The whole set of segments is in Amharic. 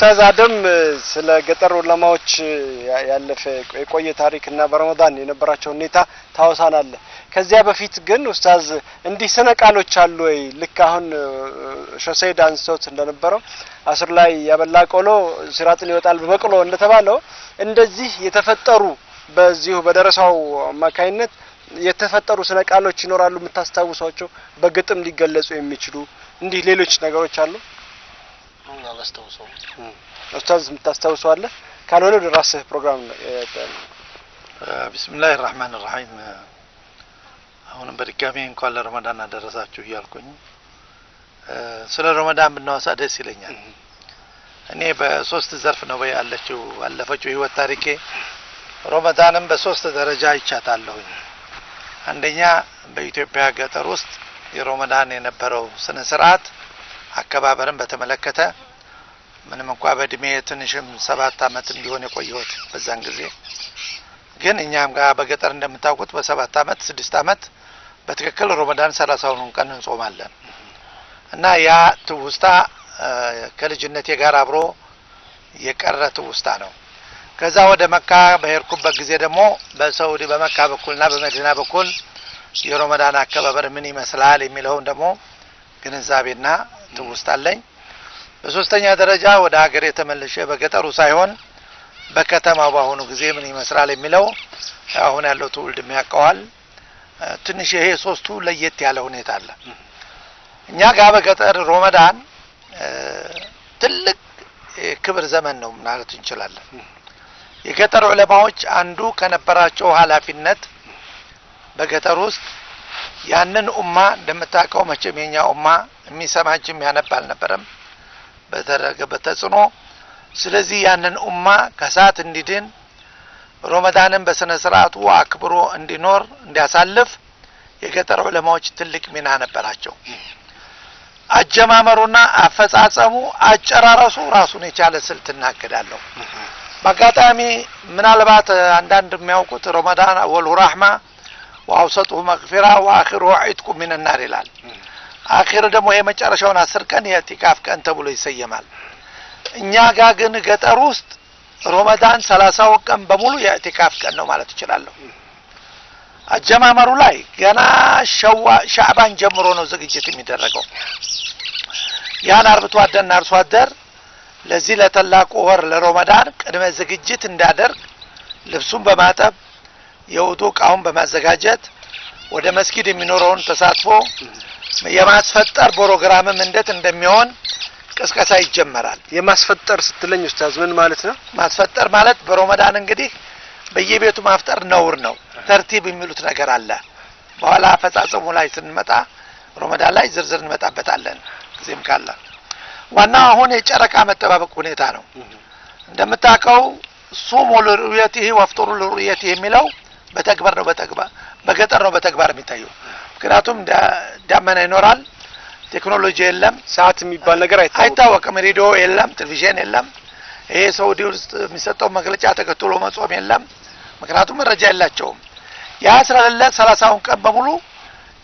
ኡስታዝ አደም ስለ ገጠር ዑለማዎች ያለፈ የቆየ ታሪክ እና በረመዳን የነበራቸው ሁኔታ ታወሳናለ። ከዚያ በፊት ግን ኡስታዝ እንዲህ ስነ ቃሎች አሉ ወይ? ልክ አሁን ሾሴድ አንስቶት እንደነበረው አስር ላይ ያበላ ቆሎ ሲራጥን ይወጣል በበቅሎ እንደተባለው እንደዚህ የተፈጠሩ በዚሁ በደረሳው አማካይነት የተፈጠሩ ስነ ቃሎች ይኖራሉ። የምታስታውሷቸው በግጥም ሊገለጹ የሚችሉ እንዲህ ሌሎች ነገሮች አሉ? አላስታውሰው ኡስታዝ የምታስታውሰው አለ ካልሆነ ወደ ራስህ ፕሮግራም ቢስሚላህ ራህማን ራሂም አሁንም በድጋሚ እንኳን ለረመዳን አደረሳችሁ እያልኩኝ ስለ ረመዳን ብናወሳ ደስ ይለኛል እኔ በሶስት ዘርፍ ነው ያለችው አለፈችው ህይወት ታሪኬ ረመዳንም በሶስት ደረጃ ይቻታለሁኝ አንደኛ በኢትዮጵያ ገጠር ውስጥ የረመዳን የነበረው ስነ ስርዓት አከባበርን በተመለከተ ምንም እንኳ በእድሜ ትንሽም ሰባት አመትም ቢሆን የቆየሁት በዛን ጊዜ ግን እኛም ጋር በገጠር እንደምታውቁት በሰባት አመት ስድስት አመት በትክክል ሮመዳን ሰላሳውኑን ቀን እንጾማለን እና ያ ትውስታ ከልጅነቴ ጋር አብሮ የቀረ ትውስታ ነው። ከዛ ወደ መካ በሄድኩበት ጊዜ ደግሞ በሰውዲ በመካ በኩልና በመዲና በኩል የሮመዳን አከባበር ምን ይመስላል የሚለውን ደግሞ ግንዛቤና ትውስታ አለኝ። በሶስተኛ ደረጃ ወደ ሀገር የተመለሸ በገጠሩ ሳይሆን በከተማው በአሁኑ ጊዜ ምን ይመስላል የሚለው አሁን ያለው ትውልድ የሚያውቀዋል። ትንሽ ይሄ ሶስቱ ለየት ያለ ሁኔታ አለ። እኛ ጋር በገጠር ሮመዳን ትልቅ ክብር ዘመን ነው ማለት እንችላለን። የገጠር ዑለማዎች አንዱ ከነበራቸው ኃላፊነት በገጠር ውስጥ ያንን ኡማ እንደምታውቀው መቼም የኛ ኡማ የሚሰማች የሚያነብ አልነበረም በተደረገበት ተጽዕኖ ስለዚህ ያንን ኡማ ከሰዓት እንዲድን ሮመዳንን በስነ ስርአቱ አክብሮ እንዲኖር እንዲያሳልፍ የገጠር ዑለማዎች ትልቅ ሚና ነበራቸው አጀማመሩና አፈጻጸሙ አጨራረሱ ራሱን የቻለ ስልት እናገዳለሁ በአጋጣሚ ምናልባት አንዳንድ የሚያውቁት ሮመዳን ወልሁራህማ ወአውሰጡሁ መግፊራ ወአኺሩሁ ዒትቁ ሚን ናር ይላል። አኺር ደግሞ የመጨረሻውን አስር ቀን የቲካፍ ቀን ተብሎ ይሰየማል። እኛ ጋ ግን ገጠር ውስጥ ሮመዳን ሰላሳው ቀን በሙሉ የኢዕቲካፍ ቀን ነው ማለት እችላለሁ። አጀማመሩ ላይ ገና ሻዕባን ጀምሮ ነው ዝግጅት የሚደረገው። ያን አርብቶ አደርና አርሶ አደር ለዚህ ለተላቁ ወር ለሮመዳን ቅድመ ዝግጅት እንዳደርግ ልብሱን በማጠብ የውጡ እቃውን በማዘጋጀት ወደ መስጊድ የሚኖረውን ተሳትፎ የማስፈጠር ፕሮግራምም እንዴት እንደሚሆን ቅስቀሳ ይጀመራል። የማስፈጠር ስትለኝ ኡስታዝ ምን ማለት ነው? ማስፈጠር ማለት በሮመዳን እንግዲህ በየቤቱ ማፍጠር ነውር ነው። ተርቲብ የሚሉት ነገር አለ። በኋላ አፈጻጸሙ ላይ ስንመጣ ሮመዳን ላይ ዝርዝር እንመጣበታለን ጊዜም ካለ። ዋናው አሁን የጨረቃ መጠባበቅ ሁኔታ ነው። እንደምታውቀው ሱሙ ልሩየቲህ ወፍጡሩ ልሩየቲህ የሚለው በተግባር ነው በተግባር በገጠር ነው በተግባር የሚታየው። ምክንያቱም ዳመና ይኖራል፣ ቴክኖሎጂ የለም፣ ሰዓት የሚባል ነገር አይታወቅም፣ ሬዲዮ የለም፣ ቴሌቪዥን የለም። ይሄ ሰውዲ ውስጥ የሚሰጠው መግለጫ ተከትሎ መጾም የለም፣ ምክንያቱም መረጃ የላቸውም። ያ ስለሌለ ሰላሳውን ቀን በሙሉ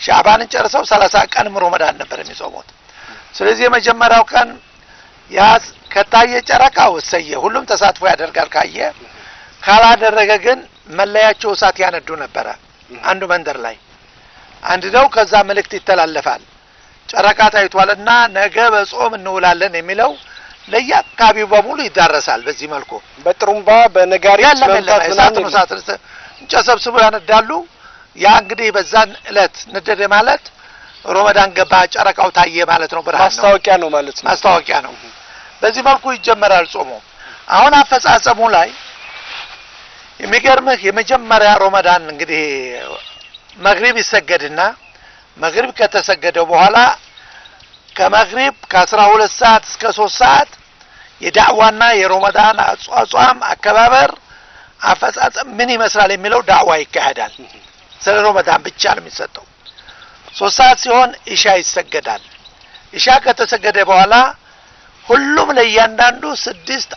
ሻዕባንን ጨርሰው ሰላሳ ቀን መዳን ነበር የሚጾሙት። ስለዚህ የመጀመሪያው ቀን ያ ከታየ ጨረቃ ወሰየ ሁሉም ተሳትፎ ያደርጋል ካየ ካላደረገ ግን መለያቸው እሳት ያነዱ ነበረ። አንዱ መንደር ላይ አንድ ነው ከዛ መልእክት ይተላለፋል። ጨረቃ ታይቷል እና ነገ በጾም እንውላለን የሚለው ለየአካባቢው በሙሉ ይዳረሳል። በዚህ መልኩ በጥሩምባ በነጋሪ መምታት እሳት እንጨት ያነዳሉ። ያ እንግዲህ በዛን እለት ንደደ ማለት ሮመዳን ገባ፣ ጨረቃው ታየ ማለት ነው። ብርሃን ማስታወቂያ ነው ማለት ነው። ማስታወቂያ ነው። በዚህ መልኩ ይጀመራል ጾሙ። አሁን አፈጻጸሙ ላይ የሚገርምህ የመጀመሪያ ሮመዳን እንግዲህ መግሪብ ይሰገድና መግሪብ ከተሰገደ በኋላ ከመግሪብ ከአስራ ሁለት ሰዓት እስከ ሶስት ሰዓት የዳዕዋና የሮመዳን አጿጿም አከባበር አፈጻጸም ምን ይመስላል የሚለው ዳዕዋ ይካሄዳል። ስለ ሮመዳን ብቻ ነው የሚሰጠው። ሶስት ሰዓት ሲሆን እሻ ይሰገዳል። እሻ ከተሰገደ በኋላ ሁሉም ለእያንዳንዱ ስድስት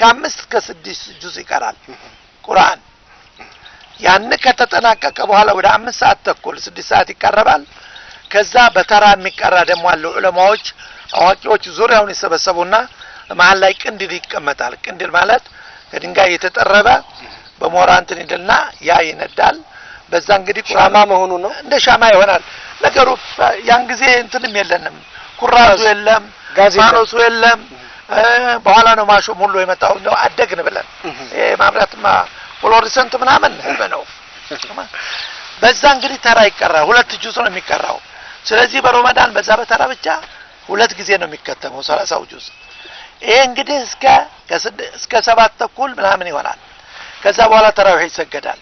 ከአምስት ከስድስት ጁዝ ይቀራል። ቁርአን ያን ከተጠናቀቀ በኋላ ወደ አምስት ሰዓት ተኩል ስድስት ሰዓት ይቀረባል። ከዛ በተራ የሚቀራ ደግሞ አለው። ዑለማዎች አዋቂዎች ዙሪያውን ይሰበሰቡና መሀል ላይ ቅንድል ይቀመጣል። ቅንድል ማለት ከድንጋይ የተጠረበ በሞራንትን ይደልና ያ ይነዳል። በዛ እንግዲህ ቁራማ መሆኑ ነው፣ እንደ ሻማ ይሆናል ነገሩ። ያን ጊዜ እንትንም የለንም፣ ኩራሱ የለም፣ ማኖሱ የለም። በኋላ ነው ማሾም ሁሉ የመጣው አደግን ብለን ማብራትማ ፍሎሪሰንት ምናምን በለው በዛ እንግዲህ ተራ ይቀራ ሁለት ጁስ ነው የሚቀራው። ስለዚህ በሮመዳን በዛ በተራ ብቻ ሁለት ጊዜ ነው የሚከተመው ሰላሳው ጁስ። ይሄ እንግዲህ እስከ እስከ ሰባት ተኩል ምናምን ይሆናል። ከዛ በኋላ ተራዊህ ይሰገዳል።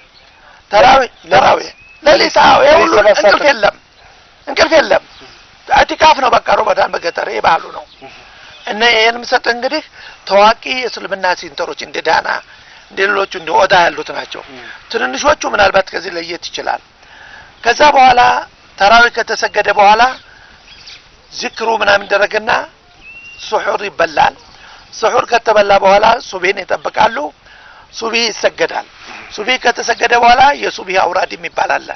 ተራዊህ ለራዊ ለሊታው ሁሉ እንቅልፍ የለም እንቅልፍ የለም። ኢዕቲካፍ ነው በቃ ሮመዳን በገጠር ይሄ ነው። እና ይሄን ምሰጥ እንግዲህ ታዋቂ የእስልምና ሲንተሮች እንደ ዳና ሌሎቹ እንደ ኦዳ ያሉት ናቸው። ትንንሾቹ ምናልባት ከዚህ ለየት ይችላል። ከዛ በኋላ ተራዊ ከተሰገደ በኋላ ዚክሩ ምናምን ይደረግና ስሑር ይበላል። ስሑር ከተበላ በኋላ ሱቢህን ይጠብቃሉ። ሱብሂ ይሰገዳል። ሱብሂ ከተሰገደ በኋላ የሱብሂ አውራድ የሚባላለ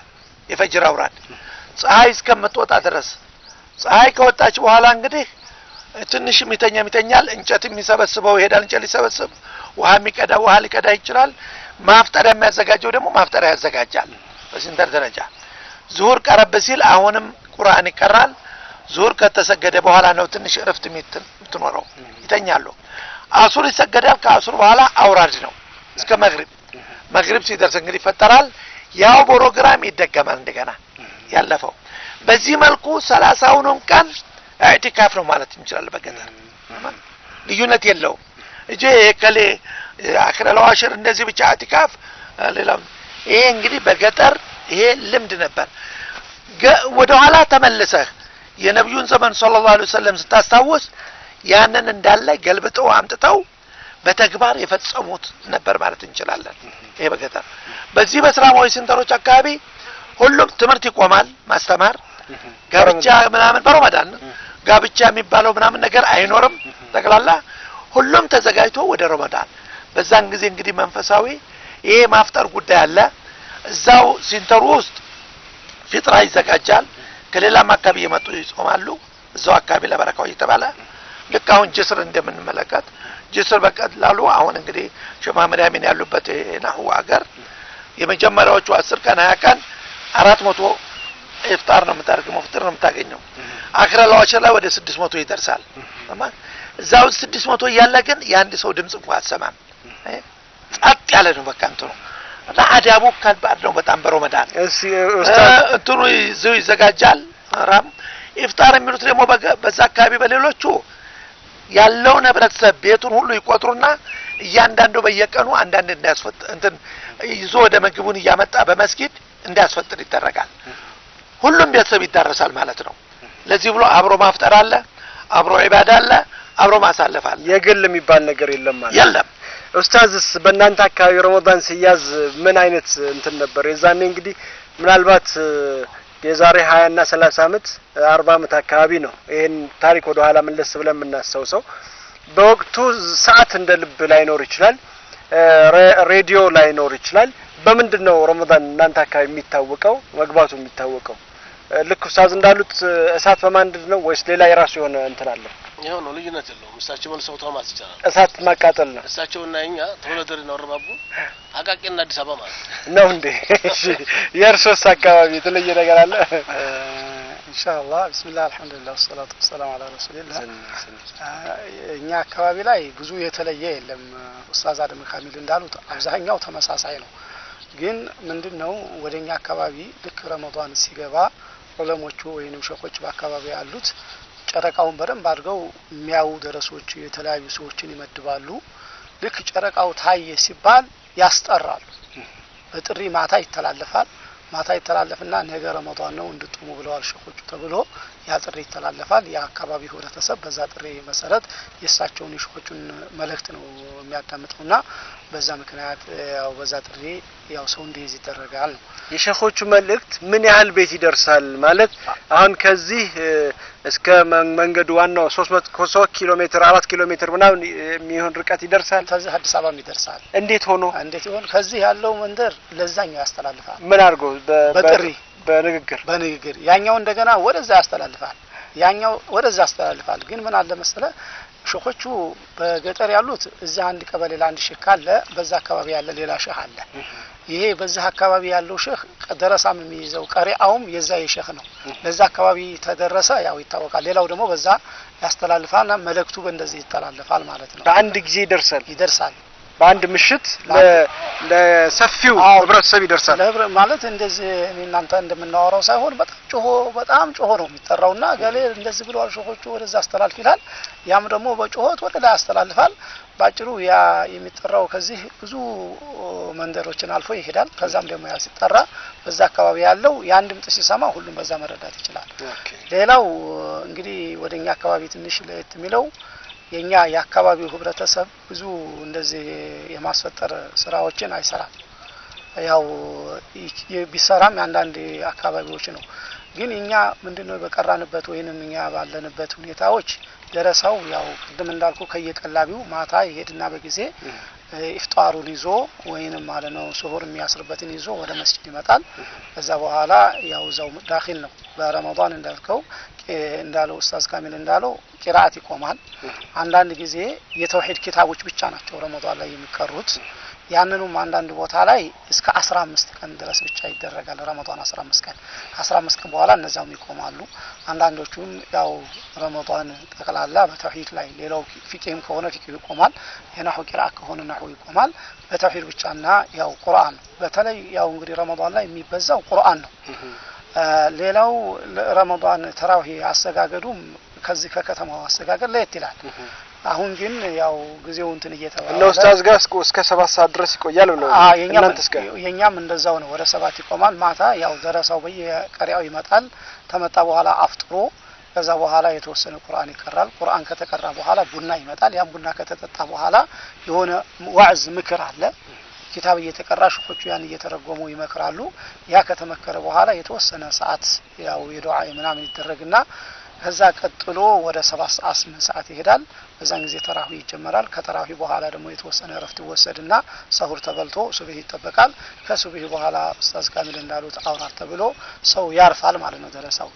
የፈጅር አውራድ ፀሐይ እስከምትወጣ ድረስ። ፀሐይ ከወጣች በኋላ እንግዲህ ትንሽ የሚተኛም ይተኛል፣ እንጨት የሚሰበስበው ይሄዳል፣ እንጨት ሊሰበስብ ውሃ የሚቀዳ ውሃ ሊቀዳ ይችላል። ማፍጠሪያ የሚያዘጋጀው ደግሞ ማፍጠሪያ ያዘጋጃል። በሲንተር ደረጃ ዙሁር ቀረብ ሲል አሁንም ቁርአን ይቀራል። ዙሁር ከተሰገደ በኋላ ነው ትንሽ እረፍት የምትኖረው፣ ይተኛሉ። አሱር ይሰገዳል። ከአሱር በኋላ አውራድ ነው እስከ መግሪብ። መግሪብ ሲደርስ እንግዲህ ይፈጠራል። ያው ፕሮግራም ይደገማል እንደገና ያለፈው። በዚህ መልኩ ሰላሳውንም ቀን ኢዕቲካፍ ነው ማለት እንችላለን። በገጠር ልዩነት የለውም። እጄ የከሌ አክረል እንደዚህ ብቻ አዕቲካፍ ሌላው ይሄ እንግዲህ በገጠር ይሄ ልምድ ነበር ወደ ኋላ ተመልሰህ የነቢዩን ዘመን ሰለላሁ ዐለይሂ ወሰለም ስታስታውስ ያንን እንዳለ ገልብጠው አምጥተው በተግባር የፈጸሙት ነበር ማለት እንችላለን። ይሄ በገጠር በዚህ በእስላማዊ ሴንተሮች አካባቢ ሁሉም ትምህርት ይቆማል። ማስተማር ጋብቻ ምናምን በረመዳን ጋብቻ የሚባለው ምናምን ነገር አይኖርም። ጠቅላላ ሁሉም ተዘጋጅቶ ወደ ረመዳን በዛን ጊዜ እንግዲህ መንፈሳዊ ይሄ ማፍጠር ጉዳይ አለ። እዛው ሲንተሩ ውስጥ ፊጥራ ይዘጋጃል። ከሌላም አካባቢ የመጡ ይጾማሉ። እዛው አካባቢ ለበረካው እየተባለ ልክ አሁን ጅስር እንደምንመለከት ጅስር በቀላሉ አሁን እንግዲህ ሸማመድ አሚን ያሉበት ናሁ ሀገር የመጀመሪያዎቹ አስር ቀን ሀያ ቀን አራት መቶ ኢፍጣር ነው የምታደርግ መፍጥር ነው የምታገኘው። አክረላዎች ላይ ወደ ስድስት መቶ ይደርሳል። እዛ ውስጥ ስድስት መቶ እያለ ግን የአንድ ሰው ድምጽ እንኳ አሰማም ጸጥ ያለ ነው በቃ እንትኑ እና አዳቡ ከባድ ነው በጣም በሮመዳን እንትኑ ይዘው ይዘጋጃል። ራም ኢፍጣር የሚሉት ደግሞ በዛ አካባቢ በሌሎቹ ያለውን ህብረተሰብ ቤቱን ሁሉ ይቆጥሩና እያንዳንዱ በየቀኑ አንዳንድ እንዳያስፈጥ እንትን ይዞ ወደ ምግቡን እያመጣ በመስጊድ እንዳያስፈጥር ይደረጋል። ሁሉም ቤተሰብ ይዳረሳል ማለት ነው። ለዚህ ብሎ አብሮ ማፍጠር አለ፣ አብሮ ዒባዳ አለ፣ አብሮ ማሳለፋል። የግል የሚባል ነገር የለም ማለት የለም። ኡስታዝስ በእናንተ አካባቢ ረመዳን ሲያዝ ምን አይነት እንትን ነበር? የዛኔ እንግዲህ ምናልባት የዛሬ 20 እና 30 አመት 40 አመት አካባቢ ነው ይሄን ታሪክ ወደ ኋላ መለስ ብለን የምናስታውሰው። በወቅቱ ሰዓት እንደ ልብ ላይኖር ይችላል፣ ሬዲዮ ላይኖር ይችላል። በምንድን ነው ረመዳን እናንተ አካባቢ የሚታወቀው መግባቱ የሚታወቀው? ልክ ኡስታዝ እንዳሉት እሳት በማንደድ ነው ወይስ ሌላ የራሱ የሆነ እንትን አለ? ይኸው ነው ልዩነት የለውም። እሳቸው መልሰው ተማት ይቻላል። እሳት ማቃጠል ነው እሳቸው እና እኛ ተወለደር ነው ረባቡ አቃቂና አዲስ አበባ ማለት ነው እንዴ? እሺ፣ የእርሶስ አካባቢ የተለየ ነገር አለ? ኢንሻአላህ ቢስሚላህ አልሐምዱሊላህ ወሰላቱ ወሰላም አላ ረሱሊላህ። እኛ አካባቢ ላይ ብዙ የተለየ የለም። ኡስታዝ አደም ካሚል እንዳሉት አብዛኛው ተመሳሳይ ነው። ግን ምንድን ነው ወደኛ አካባቢ ልክ ረመዷን ሲገባ ዑለሞቹ ወይም ሸኾች በአካባቢ ያሉት ጨረቃውን በደንብ አድርገው የሚያዩ ደረሶች የተለያዩ ሰዎችን ይመድባሉ። ልክ ጨረቃው ታየ ሲባል ያስጠራሉ። በጥሪ ማታ ይተላለፋል። ማታ ይተላለፍና ነገ ረመዷን ነው እንድጡሙ ብለዋል ሸኮቹ ተብሎ ያ ጥሪ ይተላለፋል። የአካባቢው ህብረተሰብ በዛ ጥሪ መሰረት የእሳቸውን የሸኮቹን መልእክት ነው የሚያዳምጠውና በዛ ምክንያት ያው በዛ ጥሪ ያው ሰው እንዲይዝ ይደረጋል። የሸኮቹ መልእክት ምን ያህል ቤት ይደርሳል ማለት አሁን ከዚህ እስከ መንገዱ ዋናው ሶስት ኪሎ ሜትር አራት ኪሎ ሜትር ምናምን የሚሆን ርቀት ይደርሳል። ከዚህ አዲስ አበባም ይደርሳል። እንዴት ሆኖ እንዴት ይሆን ከዚህ ያለው መንደር ለዛኛው ያስተላልፋል። ምን አድርገው በጥሪ በንግግር በንግግር ያኛው እንደገና ወደዛ ያስተላልፋል፣ ያኛው ወደዛ ያስተላልፋል። ግን ምን አለ መሰለ ሼኾቹ በገጠር ያሉት እዛ አንድ ቀበሌ ለአንድ ሼህ ካለ በዛ አካባቢ ያለ ሌላ ሽህ አለ። ይሄ በዚህ አካባቢ ያለው ሼህ ደረሳም የሚይዘው ቀሪአውም የዛ የሸህ ነው። ለዛ አካባቢ ተደረሰ ያው ይታወቃል። ሌላው ደግሞ በዛ ያስተላልፋልና መልእክቱ በእንደዚህ ይተላለፋል ማለት ነው። በአንድ ጊዜ ይደርሳል ይደርሳል። በአንድ ምሽት ለሰፊው ህብረተሰብ ይደርሳል። ማለት እንደዚህ እናንተ እንደምናወራው ሳይሆን በጣም ጮሆ በጣም ጮሆ ነው የሚጠራው ና ገሌ እንደዚህ ብለዋል፣ ሾሆቹ ወደዛ አስተላልፍ ይላል። ያም ደግሞ በጮሆት ወደ ላይ ያስተላልፋል። ባጭሩ ያ የሚጠራው ከዚህ ብዙ መንደሮችን አልፎ ይሄዳል። ከዛም ደግሞ ያ ሲጠራ በዛ አካባቢ ያለው የአንድ ምጥ ሲሰማ ሁሉም በዛ መረዳት ይችላል። ሌላው እንግዲህ ወደኛ አካባቢ ትንሽ ለየት የሚለው የእኛ የአካባቢው ህብረተሰብ ብዙ እንደዚህ የማስፈጠር ስራዎችን አይሰራም። ያው ቢሰራም የአንዳንድ አካባቢዎች ነው። ግን እኛ ምንድነው በቀራንበት ወይንም እኛ ባለንበት ሁኔታዎች ደረሰው ያው ቅድም እንዳልኩ ከየቀላቢው ማታ ይሄድና በጊዜ ኢፍጣሩን ይዞ ወይንም ማለት ነው ስሁር የሚያስርበትን ይዞ ወደ መስጅድ ይመጣል። ከዛ በኋላ ያው ዘው ዳኪል ነው። በረመዳን እንዳልከው እንዳለው ኡስታዝ ካሚል እንዳለው ቂራአት ይቆማል። አንዳንድ ጊዜ የተውሂድ ኪታቦች ብቻ ናቸው ረመዳን ላይ የሚቀሩት ያንኑም አንዳንድ ቦታ ላይ እስከ አስራ አምስት ቀን ድረስ ብቻ ይደረጋል። ረመዷን አስራ አምስት ቀን አስራ አምስት ቀን በኋላ እነዚያውም ይቆማሉ። አንዳንዶቹም ያው ረመዷን ጠቅላላ በተውሂድ ላይ ሌላው ፊቅህም ከሆነ ፊቅህ ይቆማል። የናሁ ቂራ ከሆነ ናሁ ይቆማል። በተውሂድ ብቻና ያው ቁርአን በተለይ ያው እንግዲህ ረመዷን ላይ የሚበዛው ቁርአን ነው። ሌላው ረመዷን ተራዊህ አሰጋገዱም ከዚህ ከከተማው አሰጋገድ ለየት ይላል። አሁን ግን ያው ጊዜው እንትን እየተባለ እና ኡስታዝ ጋር እስከ ሰባት ሰዓት ድረስ ይቆያል ብለው የኛም እንደዛው ነው። ወደ ሰባት ይቆማል። ማታ ያው ደረሳው በየቀሪያው ይመጣል። ተመጣ በኋላ አፍጥሮ ከዛ በኋላ የተወሰነ ቁርአን ይቀራል። ቁርአን ከተቀራ በኋላ ቡና ይመጣል። ያም ቡና ከተጠጣ በኋላ የሆነ ዋዕዝ ምክር አለ። ኪታብ እየተቀራ ሹኾቹ ያን እየተረጎሙ ይመክራሉ። ያ ከተመከረ በኋላ የተወሰነ ሰዓት ያው የዱዓ ምናምን ይደረግና ከዛ ቀጥሎ ወደ ሰባት ስምንት ሰዓት ይሄዳል። በዛን ጊዜ ተራሁ ይጀመራል። ከተራሁ በኋላ ደግሞ የተወሰነ እረፍት ይወሰድና ሰሁር ተበልቶ ሱብህ ይጠበቃል። ከሱብህ በኋላ ኡስታዝ ካሚል እንዳሉት አውራር ተብሎ ሰው ያርፋል ማለት ነው ደረሳው።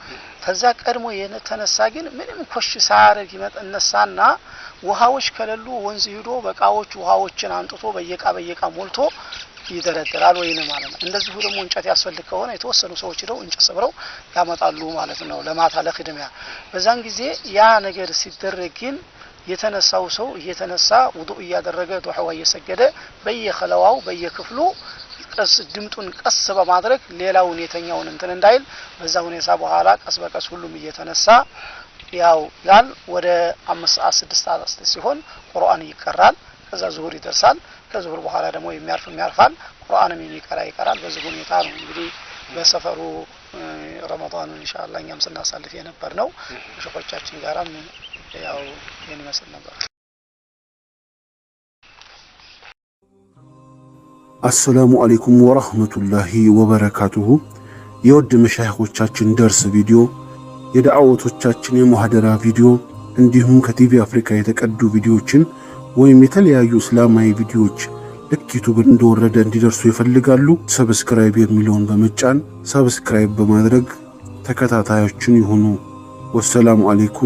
ከዛ ቀድሞ የተነሳ ግን ምንም ኮሽ ሳያደርግ ይመጠነሳና ውሃዎች ከሌሉ ወንዝ ሂዶ በእቃዎች ውሃዎችን አንጥቶ በየቃ በየቃ ሞልቶ ይደረድራል ወይን ማለት ነው። እንደዚሁ ደግሞ እንጨት ያስፈልግ ከሆነ የተወሰኑ ሰዎች ሄደው እንጨት ሰብረው ያመጣሉ ማለት ነው፣ ለማታ ለክድሚያ። በዛን ጊዜ ያ ነገር ሲደረግ ግን የተነሳው ሰው እየተነሳ ውዱእ እያደረገ ዱዓዋ እየሰገደ በየኸለዋው በየክፍሉ ቀስ ድምጡን ቀስ በማድረግ ሌላውን የተኛውን እንትን እንዳይል በዛ ሁኔታ በኋላ ቀስ በቀስ ሁሉም እየተነሳ ያው ይላል። ወደ አምስት ሰዓት ስድስት ሰዓት ሲሆን ቁርአን ይቀራል። ከዛ ዙሁር ይደርሳል። ከዙሁር በኋላ ደግሞ የሚያርፍም ያርፋል፣ ቁርአንም የሚቀራ ይቀራል። በዚህ ሁኔታ ነው እንግዲህ በሰፈሩ ረመዳኑን እንሻላ እኛም ስናሳልፍ የነበር ነው። ሸኾቻችን ጋራም ያው ይህን ይመስል ነበር። አሰላሙ አሌይኩም ወራህመቱላሂ ወበረካቱሁ። የወድ መሻይኾቻችን ደርስ ቪዲዮ የዳዕወቶቻችን የሙሐደራ ቪዲዮ እንዲሁም ከቲቪ አፍሪካ የተቀዱ ቪዲዮዎችን ወይም የተለያዩ እስላማዊ ቪዲዮዎች ልክ ዩቱብ እንደወረደ እንዲደርሱ ይፈልጋሉ? ሰብስክራይብ የሚለውን በመጫን ሰብስክራይብ በማድረግ ተከታታያችን ይሁኑ። ወሰላሙ አሌይኩም